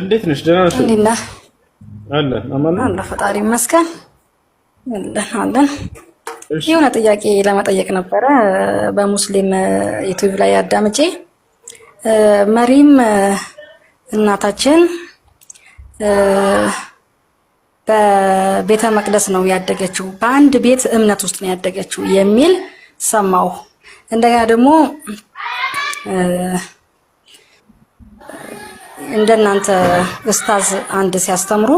እንዴት ነሽ? ደህና ነሽ? አልሐምዱሊላህ አለን አማን አለ ፈጣሪ ይመስገን አለን አለን። የሆነ ጥያቄ ለመጠየቅ ነበረ በሙስሊም ዩቲዩብ ላይ አዳምጬ መሪም እናታችን በቤተ መቅደስ ነው ያደገችው፣ በአንድ ቤት እምነት ውስጥ ነው ያደገችው የሚል ሰማሁ። እንደገና ደግሞ እንደናንተ ኡስታዝ አንድ ሲያስተምሩ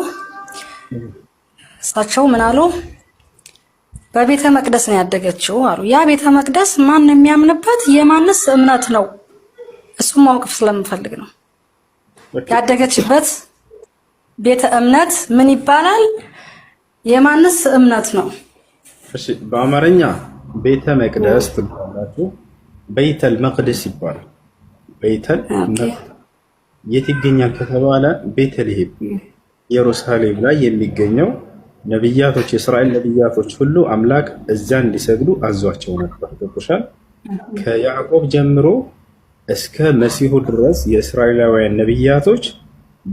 እሳቸው ምን አሉ? በቤተ መቅደስ ነው ያደገችው አሉ። ያ ቤተ መቅደስ ማን የሚያምንበት የማንስ እምነት ነው? እሱም ማወቅ ስለምፈልግ ነው። ያደገችበት ቤተ እምነት ምን ይባላል? የማንስ እምነት ነው? እሺ፣ በአማርኛ ቤተ መቅደስ ትባላችሁ፣ ቤተል መቅደስ ይባላል። ቤተል መቅደስ የት ይገኛል ከተባለ ቤተልሔም ኢየሩሳሌም ላይ የሚገኘው ነቢያቶች የእስራኤል ነቢያቶች ሁሉ አምላክ እዛ እንዲሰግዱ አዟቸው ነበር። ገብቶሻል? ከያዕቆብ ጀምሮ እስከ መሲሁ ድረስ የእስራኤላውያን ነቢያቶች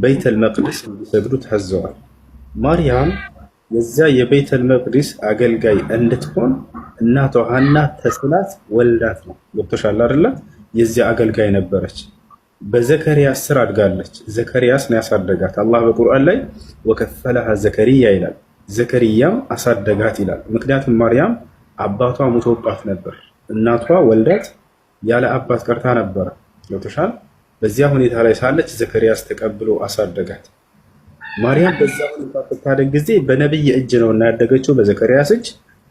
ቤተል መቅደስ እንዲሰግዱ ታዘዋል። ማርያም የዛ የቤተል መቅደስ አገልጋይ እንድትሆን እናቷ ሐና ተስላት ወልዳት ነው። ገብቶሻል አይደለ? የዚያ አገልጋይ ነበረች። በዘከሪያስ ስር አድጋለች። ዘከሪያስ ነው ያሳደጋት። አላህ በቁርአን ላይ ወከፈለሃ ዘከሪያ ይላል። ዘከሪያም አሳደጋት ይላል። ምክንያቱም ማርያም አባቷ ሙቶባት ነበር። እናቷ ወልዳት ያለ አባት ቀርታ ነበረ። ገብቶሻል። በዚያ ሁኔታ ላይ ሳለች ዘከሪያስ ተቀብሎ አሳደጋት። ማርያም በዛ ሁኔታ ስታደግ ጊዜ በነቢይ እጅ ነው እና ያደገችው በዘከሪያስ እጅ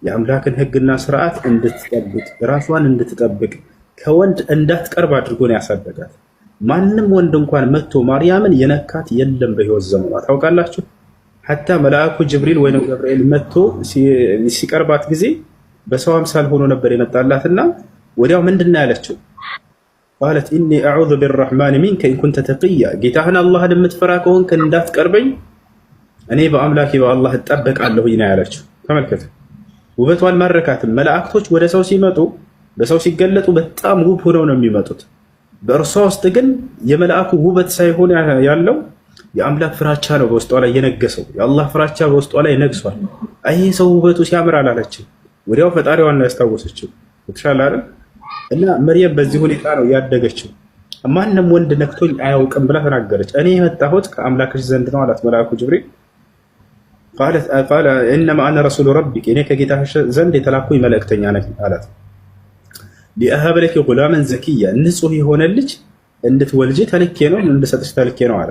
የአምላክን ሕግና ስርዓት እንድትጠብቅ ራሷን እንድትጠብቅ ከወንድ እንዳትቀርብ አድርጎ ነው ያሳደጋት። ማንም ወንድ እንኳን መጥቶ ማርያምን የነካት የለም በህይወት ዘመኗ። ታውቃላችሁ ሀታ መልአኩ ጅብሪል ወይም ገብርኤል መጥቶ ሲቀርባት ጊዜ በሰው አምሳል ሆኖ ነበር የመጣላትና ወዲያው ምንድና ያለችው ቃለት ኢኒ አዑዙ ቢረሕማን ሚንከ ኢንኩንተ ተቅያ፣ ጌታህን አላህን የምትፈራ ከሆንክ እንዳትቀርበኝ እኔ በአምላኪ በአላህ እጠበቃለሁ ይና ያለችው። ተመልከተ ውበቷ አልማረካትም። መላእክቶች ወደ ሰው ሲመጡ በሰው ሲገለጡ በጣም ውብ ሆነው ነው የሚመጡት። በእርሷ ውስጥ ግን የመልአኩ ውበት ሳይሆን ያለው የአምላክ ፍራቻ ነው በውስጧ ላይ የነገሰው። የአላህ ፍራቻ በውስጧ ላይ ነግሷል። ይህ ሰው ውበቱ ሲያምር አላለችም። ወዲያው ፈጣሪዋን ያስታወሰችው። የተሻለ አይደል እና መርየም በዚህ ሁኔታ ነው ያደገችው። ማንም ወንድ ነክቶኝ አያውቅም ብላ ተናገረች። እኔ የመጣሁት ከአምላክሽ ዘንድ ነው አላት መልአኩ ጅብሪል። ቃለ ኢነማ አነ ረሱሉ ረቢክ፣ እኔ ከጌታሽ ዘንድ የተላኩኝ መልእክተኛ ነኝ አላት። ለኪ ጉላመን ዘኪያ ንጹህ የሆነ ልጅ እንድትወልጅ ተልኬ ነው እንድሰጥሽ ተልኬ ነው አለ።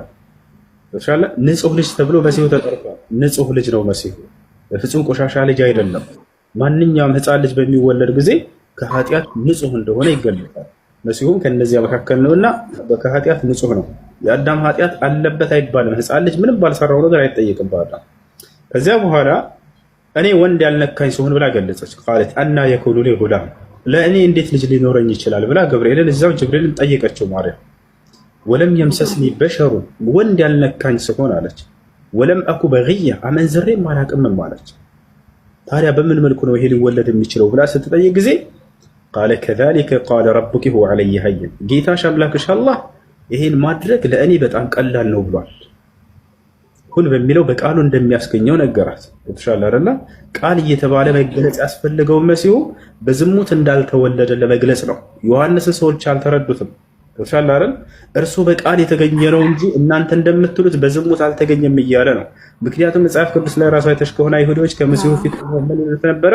ሻለ ንጹህ ልጅ ተብሎ መሲሁ ተጠርቷል። ንጹህ ልጅ ነው መሲሁ፣ ፍጹም ቆሻሻ ልጅ አይደለም። ማንኛውም ህፃን ልጅ በሚወለድ ጊዜ ከኃጢአት ንጹህ እንደሆነ ይገለጣል። መሲሁም ከነዚያ መካከል ነውና እና ከኃጢአት ንጹህ ነው። የአዳም ኃጢአት አለበት አይባልም። ህፃን ልጅ ምንም ባልሰራው ነገር አይጠየቅም በአዳም ከዚያ በኋላ እኔ ወንድ ያልነካኝ ሲሆን ብላ ገለጸች። ቃለት አና የኩኑ ሊ ጉላም ለእኔ እንዴት ልጅ ሊኖረኝ ይችላል ብላ ገብርኤልን እዛው ጅብሪልን ጠየቀችው ማርያም። ወለም የምሰስኒ በሸሩ ወንድ ያልነካኝ ስሆን አለች። ወለም አኩ በግያ አመንዝሬ አላቅምም አለች። ታዲያ በምን መልኩ ነው ይሄ ሊወለድ የሚችለው ብላ ስትጠይቅ ጊዜ ቃለ ከዛሊከ ቃለ ረቡኪ ሁ ዐለይ ሀይን ጌታሽ አምላክሽ አላህ ይሄን ማድረግ ለእኔ በጣም ቀላል ነው ብሏል። ኩን በሚለው በቃሉ እንደሚያስገኘው ነገራት። የተሻለ አይደለ? ቃል እየተባለ መገለጽ ያስፈልገው መሲሁ በዝሙት እንዳልተወለደ ለመግለጽ ነው። ዮሐንስን ሰዎች አልተረዱትም። የተሻለ አይደል? እርሱ በቃል የተገኘ ነው እንጂ እናንተ እንደምትሉት በዝሙት አልተገኘም እያለ ነው። ምክንያቱም መጽሐፍ ቅዱስ ላይ ራሱ አይተሽ ከሆነ አይሁዶች ከመሲሁ ፊት ነበረ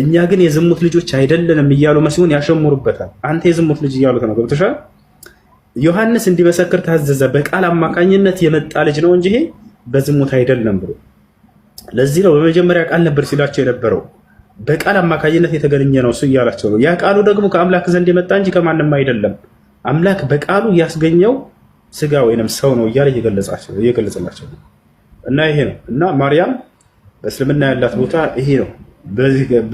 እኛ ግን የዝሙት ልጆች አይደለንም እያሉ መሲሁን ያሸሙሩበታል። አንተ የዝሙት ልጅ እያሉት ነው። ገብተሻል? ዮሐንስ እንዲመሰክር ታዘዘ። በቃል አማካኝነት የመጣ ልጅ ነው እንጂ በዝሙት አይደለም ብሎ ለዚህ ነው በመጀመሪያ ቃል ነበር ሲላቸው የነበረው በቃል አማካኝነት የተገነኘ ነው እሱ እያላቸው ነው። ያ ቃሉ ደግሞ ከአምላክ ዘንድ የመጣ እንጂ ከማንም አይደለም። አምላክ በቃሉ ያስገኘው ስጋ ወይንም ሰው ነው እያለ እየገለጸላቸው ነው። እና ይሄ ነው እና ማርያም በእስልምና ያላት ቦታ ይሄ ነው።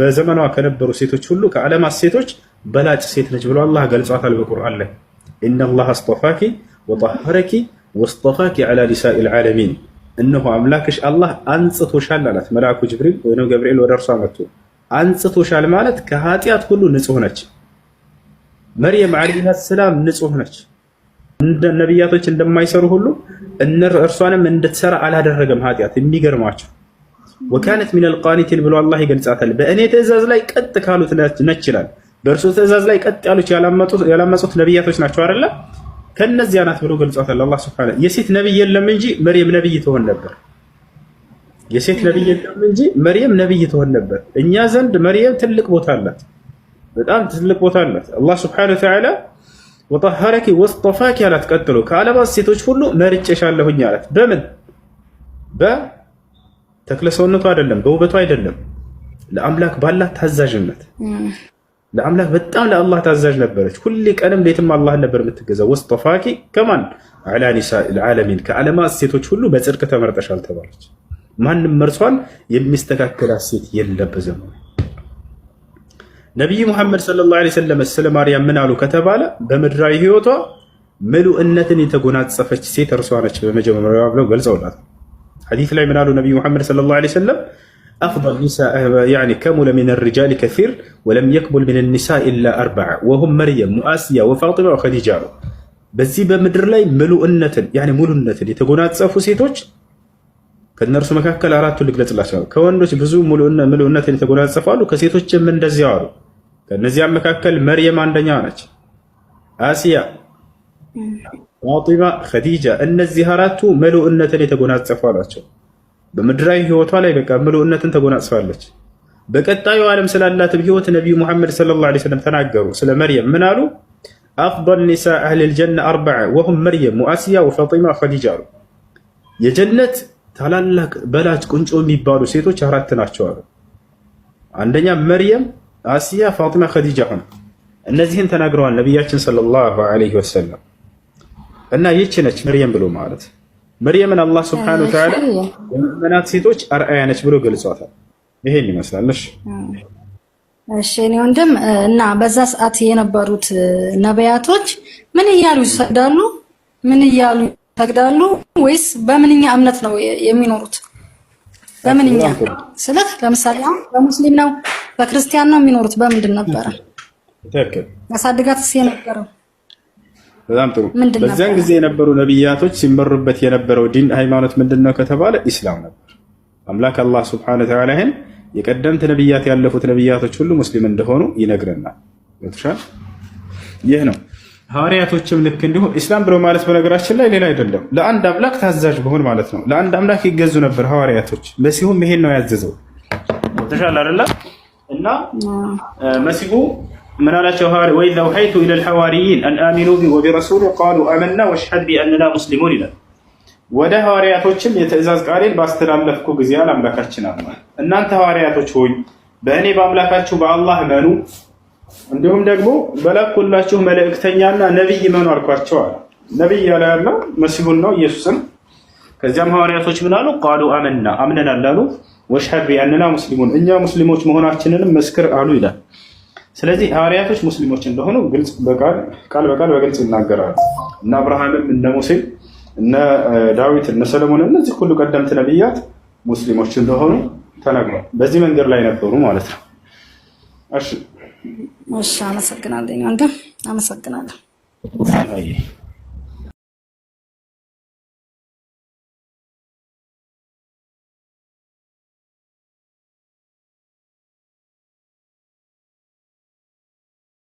በዘመኗ ከነበሩ ሴቶች ሁሉ ከዓለማት ሴቶች በላጭ ሴት ነች ብሎ አላህ ገልጿታል በቁርአን ላይ ኢነላህ አስጠፋኪ ወጠሐረኪ ወስጠፋኪ ዓላ ሊሳኢል ዓለሚን እነሆ አምላክሽ አላህ አንጽቶሻል አላት። መልአኩ ጅብሪል ወይም ገብርኤል ወደ እርሷ መጥቶ አንጽቶሻል ማለት ከኃጢአት ሁሉ ንጹህ ነች። መርየም ዓለይሃ ሰላም ንጹህ ነች። እንደ ነቢያቶች እንደማይሰሩ ሁሉ እርሷንም እንድትሰራ አላደረገም ኃጢአት። የሚገርማቸው ወካነት ሚነል ቃኒቲን ብሎ አላህ ይገልጻታል። በእኔ ትእዛዝ ላይ ቀጥ ካሉት ነች ይላል። በእርሱ ትእዛዝ ላይ ቀጥ ያሉት ያላመጹት ነቢያቶች ናቸው አይደለም ከእነዚያ ናት ብሎ ገልጿታል። አላህ ስብሐነ የሴት ነብይ የለም እንጂ መርየም ነብይ ትሆን ነበር። የሴት ነብይ የለም እንጂ መርየም ነብይ ትሆን ነበር። እኛ ዘንድ መርየም ትልቅ ቦታ አላት፣ በጣም ትልቅ ቦታ አላት። አላህ ስብሐነ ወተዓላ ወጠሀረኪ ወስጠፋኪ አላት። ቀጥሎ ከዓለማት ሴቶች ሁሉ መርጬሻለሁኝ አላት። በምን በተክለሰውነቱ አይደለም፣ በውበቱ አይደለም፣ ለአምላክ ባላት ታዛዥነት ለአምላክ በጣም ለአላህ ታዛዥ ነበረች። ሁሌ ቀንም ሌትም አላህን ነበር የምትገዛው። ወስጠፋኪ ከማን ዓላ ኒሳ ልዓለሚን ከዓለማት ሴቶች ሁሉ በጽድቅ ተመርጠሻል ተባለች። ማንም መርሷን የሚስተካከላት ሴት የለም በዘመኑ። ነቢይ ሙሐመድ ሰለላሁ ዓለይሂ ወሰለም ስለ ማርያም ምን አሉ ከተባለ በምድራዊ ህይወቷ ምሉእነትን የተጎናጸፈች ሴት እርሷ ነች በመጀመሪያ ብለው ገልጸውላት፣ ሐዲት ላይ ምን አሉ ነቢይ ሙሐመድ ሰለላሁ ዓለይሂ ወሰለም أفضل نساء يعني كمل من الرجال كثير ولم يكمل من النساء إلا أربعة وهم مريم وآسيا وفاطمة وخديجة በዚህ በምድር ላይ ምሉእነትን ያኔ ሙሉነትን የተጎናጸፉ ሴቶች ከነርሱ መካከል አራቱ ልግለጽላቸው። ከወንዶች ብዙ ምሉእነትን የተጎናጸፉ አሉ፣ ከሴቶችም እንደዚያው አሉ። ከእነዚያም መካከል መርየም አንደኛ ነች። አስያ ፋጢማ፣ ኸዲጃ እነዚህ አራቱ ምሉእነትን የተጎናጸፉ አሏቸው። በምድራዊ ህይወቷ ላይ በቃ ምሉእነትን ተጎናጽፋለች። በቀጣዩ ዓለም ስላላትም ህይወት ነቢዩ ሙሐመድ ሰለላሁ ዐለይሂ ወሰለም ተናገሩ። ስለ መርየም ምን አሉ? አፍደል ኒሳ አህሊል ጀነ አርበዐ ወሁም መርየም ወአስያ ወፋጢማ ወኸዲጃ አሉ። የጀነት ታላላቅ በላጭ ቁንጮ የሚባሉ ሴቶች አራት ናቸው አሉ። አንደኛ መርየም፣ አስያ፣ ፋጢማ፣ ኸዲጃ ሆነ። እነዚህን ተናግረዋል ነቢያችን ሰለላሁ ዐለይሂ ወሰለም እና ይህች ነች መርየም ብሎ ማለት መርየምን አላህ ስብሐነሁ ወተዓላ የምዕመናት ሴቶች አርአያ ነች ብሎ ገልጿታል። ይሄን ይመስላል። እሺ እኔ ወንድም እና በዛ ሰዓት የነበሩት ነቢያቶች ምን እያሉ ይሰግዳሉ? ምን እያሉ ይሰግዳሉ? ወይስ በምንኛ እምነት ነው የሚኖሩት? በምንኛ ስልህ ለምሳሌ አሁን በሙስሊም ነው በክርስቲያን ነው የሚኖሩት? በምንድን ነበረ ያሳድጋትስ የነበረው? በጣም ጥሩ። በዚያን ጊዜ የነበሩ ነቢያቶች ሲመሩበት የነበረው ዲን ሃይማኖት ምንድን ነው ከተባለ ኢስላም ነበር። አምላክ አላህ ስብሐነ ወተዓላ ይህን የቀደምት ነቢያት ያለፉት ነቢያቶች ሁሉ ሙስሊም እንደሆኑ ይነግረናል። ይህ ነው ሐዋርያቶችም ልክ እንዲሁ ኢስላም ብሎ ማለት በነገራችን ላይ ሌላ አይደለም፣ ለአንድ አምላክ ታዛዥ መሆን ማለት ነው። ለአንድ አምላክ ይገዙ ነበር ሐዋርያቶች። መሲሁም ይሄን ነው ያዘዘው። ተሻለ አይደለም እና መሲሁ ምን አላቸው? ወኢዝ አውሐይቱ ኢለል ሐዋርይን አን አሚኑ ቢ ወቢረሱሊ ቃሉ አመና ወሽሐድ ቢአንና ሙስሊሙን ይላል። ወደ ሐዋርያቶችም የትእዛዝ ቃሌን ባስተላለፍኩ ጊዜ አለ እናንተ ሐዋርያቶች ሆይ በእኔ በአምላካችሁ በአላህ መኑ እንዲሁም ደግሞ በላኩላችሁ መልእክተኛና ነቢይ መኑ አልኳቸው አለ። ነቢይ ያለ ያለው መሲሁን ነው ኢየሱስን። ከዚያም ሐዋርያቶች ምን አሉ? ቃሉ አመና አምነናል አሉ። ወሽሐድ ቢአንና ሙስሊሙን እኛ ሙስሊሞች መሆናችንንም መስክር አሉ ይላል ስለዚህ ሐዋርያቶች ሙስሊሞች እንደሆኑ ቃል በቃል በግልጽ ይናገራሉ። እነ አብርሃምም እነ ሙሴም እነ ዳዊት እነ ሰለሞን እነዚህ ሁሉ ቀደምት ነቢያት ሙስሊሞች እንደሆኑ ተነግሯል። በዚህ መንገድ ላይ ነበሩ ማለት ነው። እሺ፣ አመሰግናለኝ። አንተ አመሰግናለሁ።